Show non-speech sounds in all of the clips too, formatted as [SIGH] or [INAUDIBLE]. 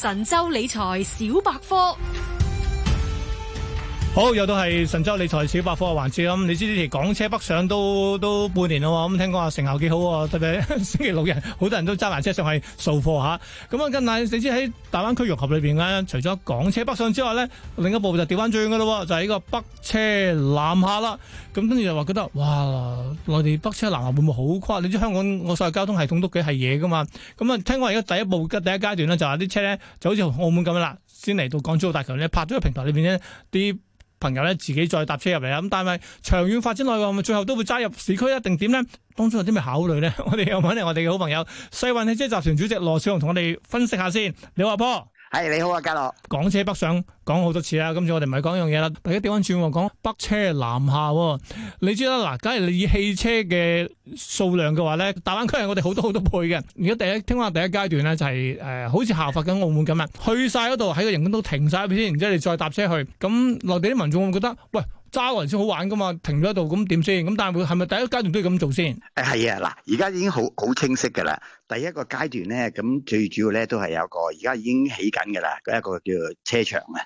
神州理財小百科。好，又到係神州理財小百科嘅環節咁，你知呢條港車北上都都半年啦喎，咁聽講成效幾好喎，特別星期六日好多人都揸爛車上去掃貨吓。咁啊，但係你知喺大灣區融合裏邊咧，除咗港車北上之外咧，另一部就調翻轉噶咯，就係呢個北車南下啦。咁跟住就話覺得哇，內地北車南下會唔會好誇？你知香港我所謂交通系統都幾係嘢噶嘛？咁啊，聽講而家第一步嘅第一階段咧，就係啲車咧就好似澳門咁啦，先嚟到港珠澳大橋咧，你拍咗個平台裏邊咧啲。朋友咧自己再搭車入嚟咁，但係長遠發展內我咪最後都會揸入市區一定點咧？當中有啲咩考慮咧？我哋又揾嚟我哋嘅好朋友世運汽車集團主席羅小雄同我哋分析下先。你好，阿波。係你好啊，家樂。港車北上講好多次啦，今次我哋唔係講呢樣嘢啦，大家調翻轉講北車南下、哦。你知啦，嗱，假如你以汽車嘅數量嘅話咧，大灣區係我哋好多好多倍嘅。如果第一聽話第一階段咧，就係、是、誒、呃，好似下發緊澳門咁啊，去晒嗰度喺個人工島停晒入邊，然之後你再搭車去，咁內地啲民眾會，會覺得喂。揸完先好玩噶嘛，停咗度咁點先？咁但係會係咪第一階段都要咁做先？係、嗯、啊，嗱，而家已經好好清晰㗎啦。第一個階段咧，咁最主要咧都係有個而家已經起緊㗎喇，一個叫做車場啊。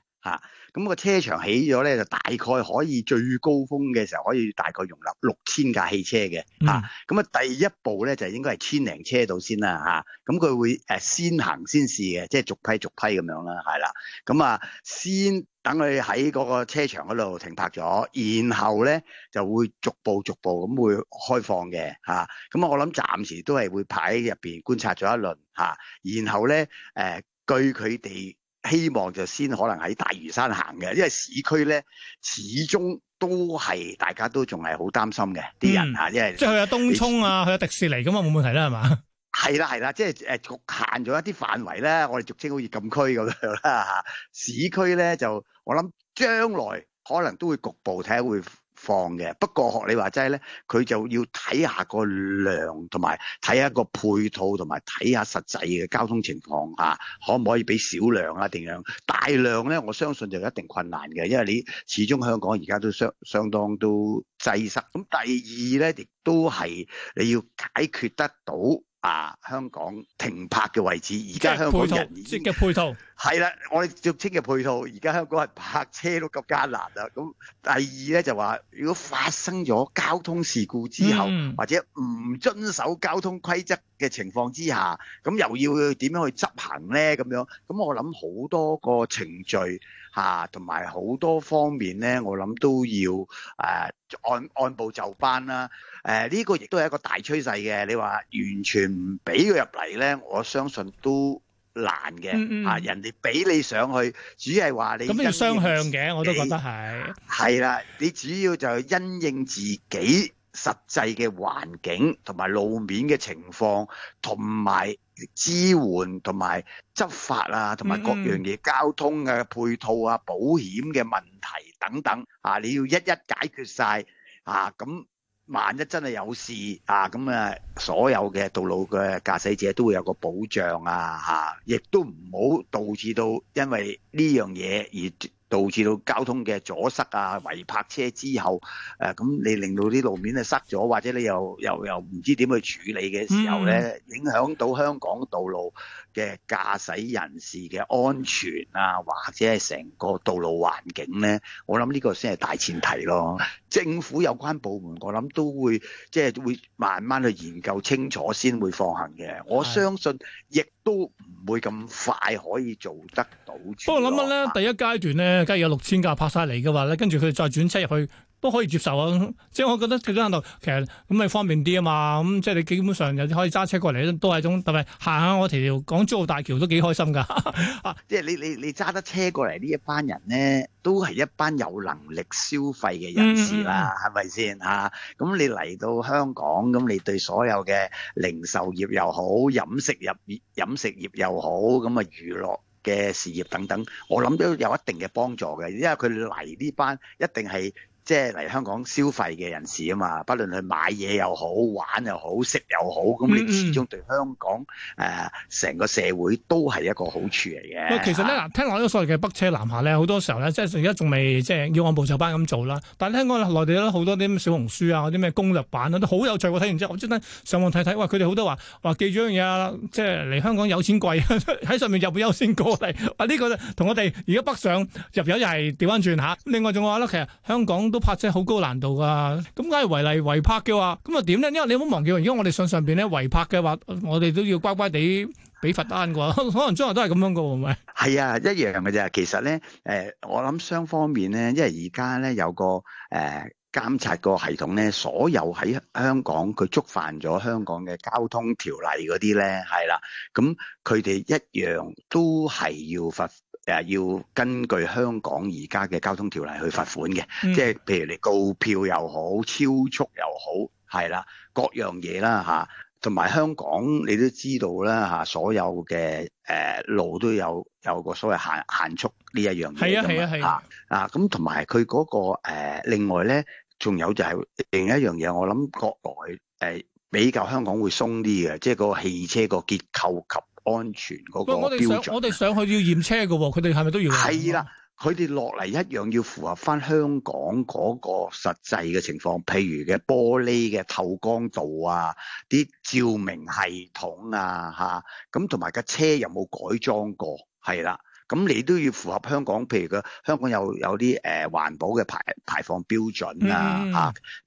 咁個車場起咗咧，就大概可以最高峰嘅時候可以大概容納六千架汽車嘅，咁、嗯、啊，第一步咧就應該係千零車度先啦，吓、啊，咁佢會誒先行先試嘅，即係逐批逐批咁樣啦，係啦，咁啊先等佢喺嗰個車場嗰度停泊咗，然後咧就會逐步逐步咁會開放嘅，吓、啊，咁啊我諗暫時都係會排喺入邊觀察咗一輪，吓、啊，然後咧誒、呃、據佢哋。希望就先可能喺大嶼山行嘅，因為市區咧始終都係大家都仲係好擔心嘅啲人嚇，因為即係去下東涌啊，去下迪士尼咁啊，冇問題啦，係嘛？係啦係啦，即係誒侷限咗一啲範圍咧，我哋俗稱好似禁區咁樣啦嚇。市區咧就我諗將來可能都會局部睇下會。放嘅，不過學你話齋咧，佢就要睇下個量，同埋睇下個配套，同埋睇下實際嘅交通情況下，可唔可以俾少量呀？點樣大量咧？我相信就一定困難嘅，因為你始終香港而家都相相當都擠塞。咁第二咧，亦都係你要解決得到，啊！香港停泊嘅位置，而家香港人已經，積極配套，係啦，我哋俗稱嘅配套。而家香港係泊車都咁艱難啦、啊。咁第二咧就話如果發生咗交通事故之後，嗯、或者唔遵守交通規則嘅情況之下，咁又要點樣去執行咧？咁樣，咁我諗好多個程序吓，同埋好多方面咧，我諗都要誒。啊按按部就班啦、啊，誒、呃、呢、這個亦都係一個大趨勢嘅。你話完全唔俾佢入嚟咧，我相信都難嘅。嚇、嗯嗯啊，人哋俾你上去，只係係話你、嗯。咁要雙向嘅，我都覺得係。係、嗯、啦，你主要就係因應自己。實際嘅環境同埋路面嘅情況，同埋支援同埋執法啊，同埋各樣嘢交通嘅、啊、配套啊、保險嘅問題等等啊，你要一一解決晒啊！咁萬一真係有事啊，咁啊，所有嘅道路嘅駕駛者都會有個保障啊，嚇！亦都唔好導致到因為呢樣嘢而。導致到交通嘅阻塞啊，違泊車之後，誒、啊、咁你令到啲路面塞咗，或者你又又又唔知點去處理嘅時候咧，影響到香港道路嘅駕駛人士嘅安全啊，或者係成個道路環境咧，我諗呢個先係大前提咯。政府有關部門，我諗都會即係會慢慢去研究清楚先會放行嘅。我相信亦都唔會咁快可以做得到。不過諗下咧，第一階段咧，梗係有六千架泊晒嚟嘅話咧，跟住佢再轉車入去。都可以接受啊！即係我覺得其中喺度，其實咁咪方便啲啊嘛。咁即係你基本上有啲可以揸車過嚟都係一種特別行下我條港珠澳大橋都幾開心㗎。即 [LAUGHS] 係你你你揸得車過嚟呢一班人咧，都係一班有能力消費嘅人士啦，係咪先嚇？咁、啊、你嚟到香港，咁你對所有嘅零售業又好，飲食入飲食業又好，咁啊娛樂嘅事業等等，我諗都有一定嘅幫助嘅，因為佢嚟呢班一定係。即係嚟香港消費嘅人士啊嘛，不論去買嘢又好，玩又好，食又好，咁你始終對香港誒成、嗯嗯呃、個社會都係一個好處嚟嘅。喂、嗯嗯，其實咧嗱，聽落呢個所謂嘅北車南下咧，好多時候咧，即係而家仲未即係要按部就班咁做啦。但係聽講內地好多啲小紅書啊，嗰啲咩攻略版啊，都好有趣。我睇完之後，我即刻上網睇睇，哇！佢哋好多話話記住一樣嘢啊，即係嚟香港有錢貴，喺 [LAUGHS] 上面入會優先過嚟。啊，呢個同我哋而家北上入油又係調翻轉嚇。另外仲話咧，其實香港。都拍真好高難度噶，咁梗係違例違拍嘅話，咁又點咧？因為你唔好忘記人，如果我哋上上邊咧違拍嘅話，我哋都要乖乖地俾罰單噶。可能將來都係咁樣噶喎，係咪？係啊，一樣嘅啫。其實咧，誒、呃，我諗雙方面咧，因為而家咧有個誒、呃、監察個系統咧，所有喺香港佢觸犯咗香港嘅交通條例嗰啲咧，係啦，咁佢哋一樣都係要罰。誒，要根據香港而家嘅交通條例去罰款嘅、嗯，即係譬如你告票又好，超速又好，係啦，各樣嘢啦嚇，同、啊、埋香港你都知道啦、啊、所有嘅誒、呃、路都有有個所謂限限速呢一樣嘢㗎啊嚇啊，咁同埋佢嗰個、呃、另外咧，仲有就係另一樣嘢，我諗國內、呃、比較香港會鬆啲嘅，即係個汽車個結構及。安全嗰個標準，我哋上我哋上去要驗車喎。佢哋係咪都要？係啦，佢哋落嚟一樣要符合翻香港嗰個實際嘅情況，譬如嘅玻璃嘅透光度啊，啲照明系統啊，吓咁同埋架車有冇改裝過？係啦，咁你都要符合香港，譬如香港有有啲誒環保嘅排排放標準啊、吓、嗯、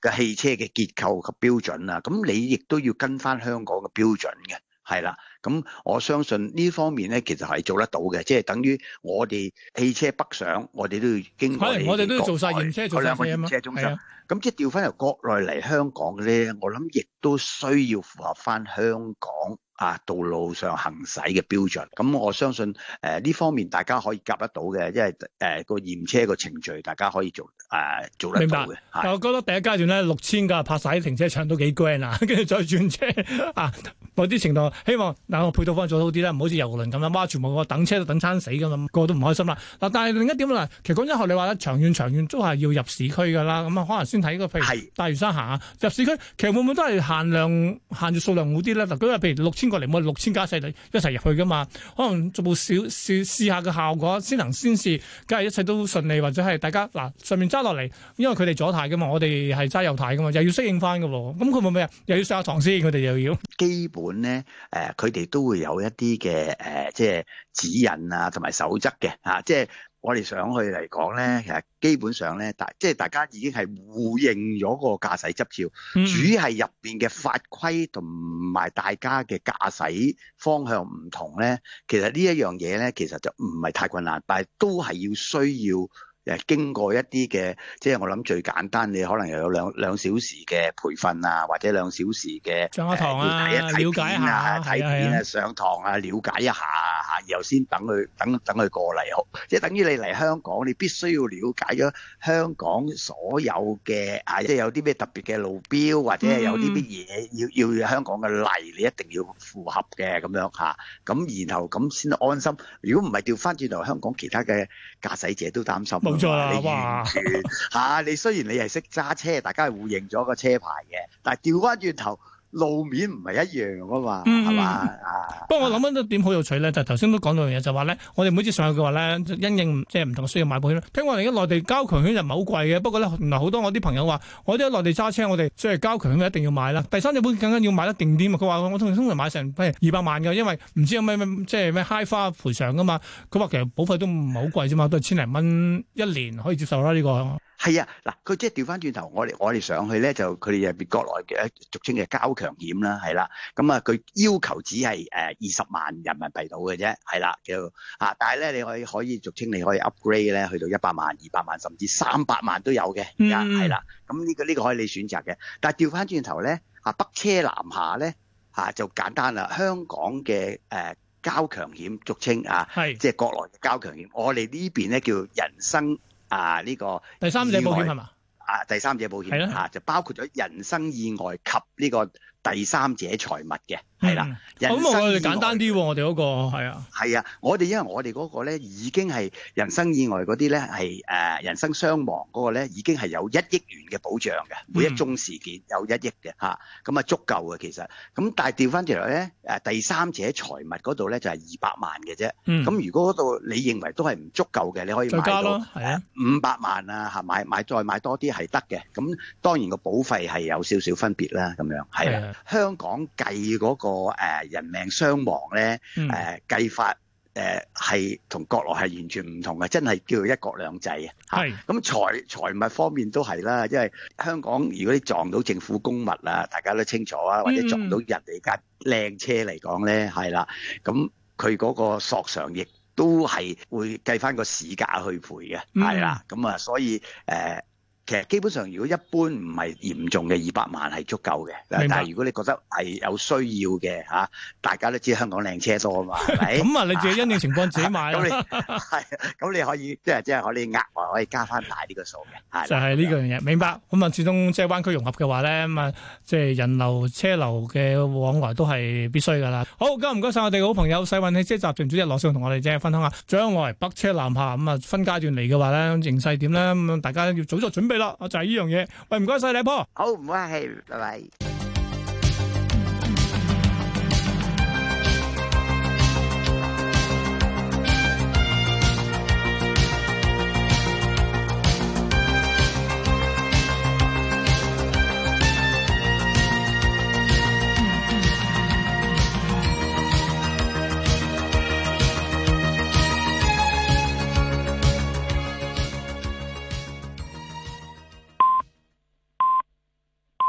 嘅、啊、汽車嘅結構及標準啊。咁你亦都要跟翻香港嘅標準嘅。係啦，咁我相信呢方面咧，其實係做得到嘅。即係等於我哋汽車北上，我哋都要經過。可能我哋都要做晒驗車做，嗰兩個驗車中心。咁即係調翻由國內嚟香港咧，我諗亦都需要符合翻香港。啊，道路上行駛嘅標準，咁我相信誒呢、呃、方面大家可以夾得到嘅，因為誒個驗車個程序大家可以做誒、呃、做得到嘅。明白。但我覺得第一階段咧，六千架泊晒啲停車場都幾 grand 啊，跟住再轉車啊，某啲程度希望嗱，我配套方做到好啲啦，唔好似遊輪咁樣，哇，全部個等車都等餐死咁樣，個個都唔開心啦。嗱、啊，但係另一點啦，其實講真學你話咧，長遠長遠都係要入市區噶啦，咁啊可能先睇個譬如大嶼山行啊，入市區，其實會唔會都係限量限住數量好啲咧？譬如六千。過嚟冇六千加細你一齊入去噶嘛？可能逐步少少試下嘅效果，先能先試。梗係一切都順利，或者係大家嗱上面揸落嚟，因為佢哋左軚噶嘛，我哋係揸右軚噶嘛，又要適應翻噶喎。咁佢咪咪又要上下堂先，佢哋又要。基本咧，誒佢哋都會有一啲嘅誒，即係指引啊，同埋守則嘅嚇、啊，即係。我哋上去嚟講咧，其實基本上咧，大即係大家已經係互認咗個駕駛執照，嗯、主要係入邊嘅法規同埋大家嘅駕駛方向唔同咧。其實呢一樣嘢咧，其實就唔係太困難，但係都係要需要誒經過一啲嘅，即係我諗最簡單你可能又有兩兩小時嘅培訓啊，或者兩小時嘅上堂啊，呃、瞭解一下，睇片啊，上堂啊，了解一下。又先等佢等等佢過嚟好，即係等於你嚟香港，你必須要了解咗香港所有嘅啊，即係有啲咩特別嘅路標，或者係有啲乜嘢要要香港嘅例，你一定要符合嘅咁樣嚇。咁、啊、然後咁先安心。如果唔係調翻轉頭，香港其他嘅駕駛者都擔心冇錯啦。哇、啊！嚇你雖然你係識揸車， [LAUGHS] 大家係互認咗個車牌嘅，但係調翻轉頭。路面唔係一樣啊嘛，係、嗯、嘛、嗯嗯嗯。不過我諗緊都點好有趣咧，就頭先都講到樣嘢，就話咧，我哋每次上去嘅話咧，因應即係唔同需要買保險。聽講而家內地交強險就唔係好貴嘅，不過咧，原來好多我啲朋友話，我哋喺內地揸車，我哋即係交強險一定要買啦。第三隻保險更加要買得定啲。佢話我通常通常買成二百萬嘅，因為唔知有咩咩即係咩 High 花賠償㗎嘛。佢話其實保費都唔係好貴啫嘛，都係千零蚊一年可以接受啦呢、這個。係啊，嗱，佢即係調翻轉頭，我哋我哋上去咧就佢哋入面國內嘅俗稱嘅交強險啦，係啦，咁啊佢要求只係誒二十萬人民幣到嘅啫，係啦叫但係咧你可以可以俗稱你可以 upgrade 咧去到一百萬、二百萬甚至三百萬都有嘅，而家係啦，咁呢、啊嗯啊呢個呢、呢個可以你選擇嘅，但係調翻轉頭咧啊北車南下咧、啊、就簡單啦，香港嘅誒交強險俗稱啊，係即係國內嘅交強險，我哋呢邊咧叫人生。啊！呢、這個第三者保險係嘛？啊，第三者保險係、啊、就包括咗人身意外及呢、這個。第三者財物嘅，係、嗯、啦。咁我哋簡單啲，我哋嗰個係啊。係啊，我哋、那個啊啊、因為我哋嗰個咧已經係人生意外嗰啲咧係人生傷亡嗰個咧已經係有一億元嘅保障嘅，每一宗事件有一億嘅嚇，咁啊足夠嘅其實。咁但係調翻轉嚟，咧第三者財物嗰度咧就係二百萬嘅啫。咁、嗯、如果嗰度你認為都係唔足夠嘅，你可以買到五百萬啊嚇，買買再買多啲係得嘅。咁當然個保費係有少少分別啦，咁樣、啊。香港計嗰個誒人命傷亡咧，誒、嗯啊、計法誒係同國內係完全唔同嘅，真係叫做一國兩制啊！係咁財財物方面都係啦，因為香港如果你撞到政府公物啊，大家都清楚啊，或者撞到人哋架靚車嚟講咧係、嗯嗯、啦，咁佢嗰個索償亦都係會計翻個市價去賠嘅，係、嗯、啦，咁啊，所以誒。其實基本上，如果一般唔係嚴重嘅，二百萬係足夠嘅。但係如果你覺得係有需要嘅嚇、啊，大家都知道香港靚車多嘛？咁 [LAUGHS] 啊，啊，你自己因應情況自己買咁、啊啊啊你， [LAUGHS] 啊、你可以即係即係可以額外可以加翻大呢個數嘅。就係、是、呢個樣嘢。明白。咁啊，始終即係灣區融合嘅話咧，咁啊，即係人流車流嘅往來都係必須㗎啦。好，今日唔該晒我哋好朋友世運汽車集團主席羅少同我哋即係分享下將來北車南下咁啊，分階段嚟嘅話咧，形勢點咧？大家要早作準備。啦，我就係呢樣嘢。喂，唔該晒你，噃。好，唔好客氣，拜拜。